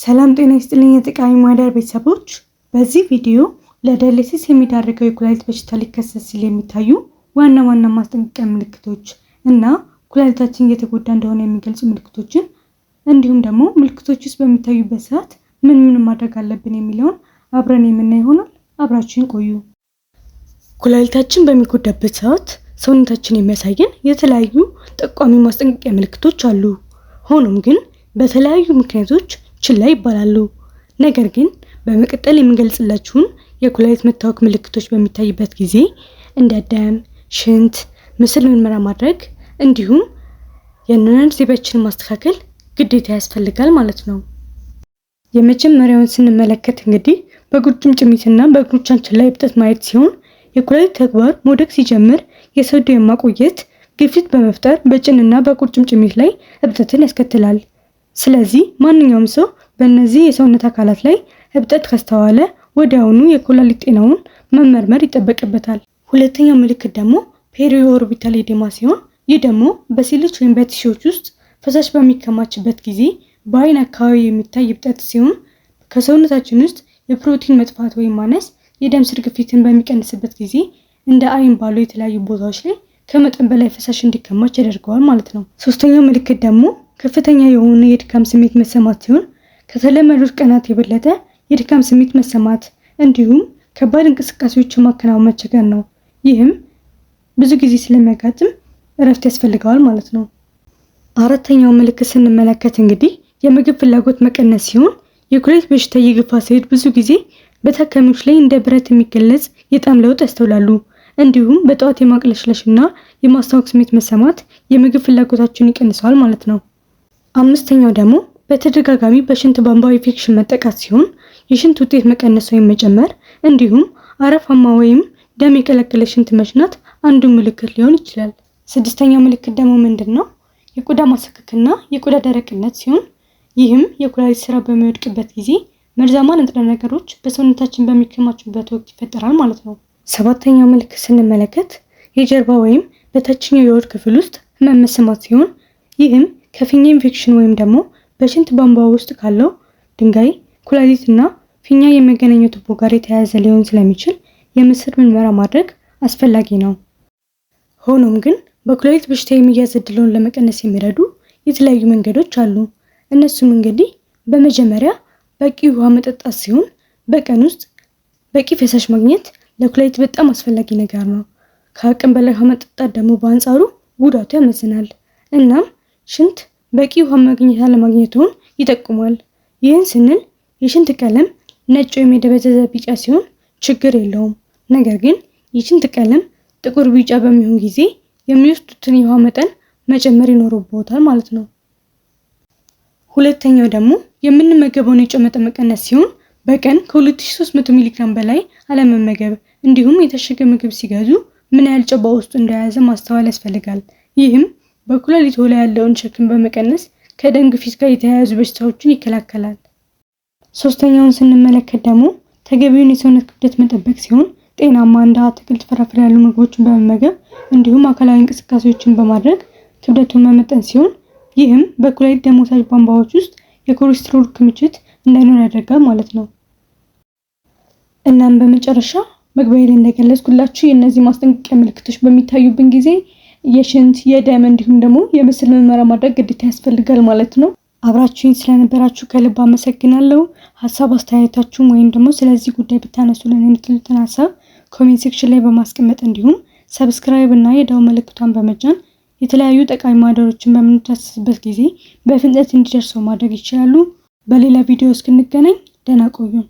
ሰላም ጤና ይስጥልኝ የጠቃሚ ማዳር ቤተሰቦች፣ በዚህ ቪዲዮ ለዳያሊሲስ የሚዳርገው የኩላሊት በሽታ ሊከሰት ሲል የሚታዩ ዋና ዋና ማስጠንቀቂያ ምልክቶች እና ኩላሊታችን እየተጎዳ እንደሆነ የሚገልጹ ምልክቶችን እንዲሁም ደግሞ ምልክቶች ውስጥ በሚታዩበት ሰዓት ምን ምን ማድረግ አለብን የሚለውን አብረን የምናይ ይሆናል። አብራችን ቆዩ። ኩላሊታችን በሚጎዳበት ሰዓት ሰውነታችን የሚያሳየን የተለያዩ ጠቋሚ ማስጠንቀቂያ ምልክቶች አሉ። ሆኖም ግን በተለያዩ ምክንያቶች ችላ ይባላሉ። ነገር ግን በመቀጠል የምንገልጽላችሁን የኩላሊት መታወክ ምልክቶች በሚታይበት ጊዜ እንደ ደም፣ ሽንት፣ ምስል ምርመራ ማድረግ እንዲሁም የአኗኗር ዘይቤያችንን ማስተካከል ግዴታ ያስፈልጋል ማለት ነው። የመጀመሪያውን ስንመለከት እንግዲህ በጉርጭምጭሚትና በእግሮቻችን ላይ እብጠት ማየት ሲሆን የኩላሊት ተግባር መውደቅ ሲጀምር የሶዲየም የማቆየት ግፊት በመፍጠር በጭንና በቁርጭምጭሚት ላይ እብጠትን ያስከትላል። ስለዚህ ማንኛውም ሰው በእነዚህ የሰውነት አካላት ላይ እብጠት ከስተዋለ ወዲያውኑ የኩላሊት ጤናውን መመርመር ይጠበቅበታል። ሁለተኛው ምልክት ደግሞ ፔሪኦርቢታል ኦርቢታል ኤዴማ ሲሆን ይህ ደግሞ በሴሎች ወይም በቲሾች ውስጥ ፈሳሽ በሚከማችበት ጊዜ በአይን አካባቢ የሚታይ እብጠት ሲሆን ከሰውነታችን ውስጥ የፕሮቲን መጥፋት ወይም ማነስ የደም ስር ግፊትን በሚቀንስበት ጊዜ እንደ አይን ባሉ የተለያዩ ቦታዎች ላይ ከመጠን በላይ ፈሳሽ እንዲከማች ያደርገዋል ማለት ነው። ሶስተኛው ምልክት ደግሞ ከፍተኛ የሆነ የድካም ስሜት መሰማት ሲሆን ከተለመዱት ቀናት የበለጠ የድካም ስሜት መሰማት እንዲሁም ከባድ እንቅስቃሴዎችን ማከናወን መቸገር ነው። ይህም ብዙ ጊዜ ስለሚያጋጥም እረፍት ያስፈልገዋል ማለት ነው። አራተኛው ምልክት ስንመለከት እንግዲህ የምግብ ፍላጎት መቀነስ ሲሆን የኩላሊት በሽታ እየገፋ ሲሄድ ብዙ ጊዜ በታካሚዎች ላይ እንደ ብረት የሚገለጽ የጣዕም ለውጥ ያስተውላሉ። እንዲሁም በጠዋት የማቅለሽለሽ እና የማስታወክ ስሜት መሰማት የምግብ ፍላጎታቸውን ይቀንሰዋል ማለት ነው። አምስተኛው ደግሞ በተደጋጋሚ በሽንት ቧንቧ ኢንፌክሽን መጠቃት ሲሆን የሽንት ውጤት መቀነስ ወይም መጨመር፣ እንዲሁም አረፋማ ወይም ደም የቀለቀለ ሽንት መሽናት አንዱ ምልክት ሊሆን ይችላል። ስድስተኛው ምልክት ደግሞ ምንድን ነው? የቆዳ ማሰክክና የቆዳ ደረቅነት ሲሆን ይህም የኩላሊት ስራ በሚወድቅበት ጊዜ መርዛማ ንጥረ ነገሮች በሰውነታችን በሚከማችበት ወቅት ይፈጠራል ማለት ነው። ሰባተኛው ምልክት ስንመለከት የጀርባ ወይም በታችኛው የሆድ ክፍል ውስጥ ህመም መሰማት ሲሆን ይህም ከፊኛ ኢንፌክሽን ወይም ደግሞ በሽንት ቧንቧ ውስጥ ካለው ድንጋይ፣ ኩላሊት እና ፊኛ የሚገናኘው ቱቦ ጋር የተያያዘ ሊሆን ስለሚችል የምስር ምርመራ ማድረግ አስፈላጊ ነው። ሆኖም ግን በኩላሊት በሽታ የሚያዝ ለመቀነስ የሚረዱ የተለያዩ መንገዶች አሉ። እነሱም እንግዲህ በመጀመሪያ በቂ ውሃ መጠጣት ሲሆን በቀን ውስጥ በቂ ፈሳሽ ማግኘት ለኩላሊት በጣም አስፈላጊ ነገር ነው። ከአቅም በላይ ውሃ መጠጣት ደግሞ በአንጻሩ ጉዳቱ ያመዝናል። እናም ሽንት በቂ ውሃ ማግኘት አለማግኘቱን ይጠቁማል። ይህን ስንል የሽንት ቀለም ነጭ ወይም የደበዘዘ ቢጫ ሲሆን ችግር የለውም። ነገር ግን የሽንት ቀለም ጥቁር ቢጫ በሚሆን ጊዜ የሚወስዱትን የውሃ መጠን መጨመር ይኖርብዎታል ማለት ነው። ሁለተኛው ደግሞ የምንመገበውን የጨው መጠን መቀነስ ሲሆን በቀን ከ2300 ሚሊግራም በላይ አለመመገብ፣ እንዲሁም የታሸገ ምግብ ሲገዙ ምን ያህል ጨው በውስጡ እንደያዘ ማስተዋል ያስፈልጋል። ይህም በኩላሊቶ ላይ ያለውን ሸክም በመቀነስ ከደም ግፊት ጋር የተያያዙ በሽታዎችን ይከላከላል። ሶስተኛውን ስንመለከት ደግሞ ተገቢውን የሰውነት ክብደት መጠበቅ ሲሆን ጤናማ እንደ አትክልት፣ ፍራፍሬ ያሉ ምግቦችን በመመገብ እንዲሁም አካላዊ እንቅስቃሴዎችን በማድረግ ክብደቱን መመጠን ሲሆን ይህም በኩላሊት ደም ወሳጅ ቧንቧዎች ውስጥ የኮሌስትሮል ክምችት እንዳይኖር ያደርጋል ማለት ነው። እናም በመጨረሻ መግቢያ ላይ እንደገለጽኩላችሁ የእነዚህ ማስጠንቀቂያ ምልክቶች በሚታዩብን ጊዜ የሽንት የደም እንዲሁም ደግሞ የምስል ምርመራ ማድረግ ግዴታ ያስፈልጋል ማለት ነው። አብራችሁኝ ስለነበራችሁ ከልብ አመሰግናለሁ። ሀሳብ አስተያየታችሁም ወይም ደግሞ ስለዚህ ጉዳይ ብታነሱልን የምትሉትን ሀሳብ ኮሜንት ሴክሽን ላይ በማስቀመጥ እንዲሁም ሰብስክራይብ እና የደው ምልክቷን በመጫን የተለያዩ ጠቃሚ ማደሮችን በምንታሰስበት ጊዜ በፍጥነት እንዲደርሰው ማድረግ ይችላሉ። በሌላ ቪዲዮ እስክንገናኝ ደህና ቆዩን።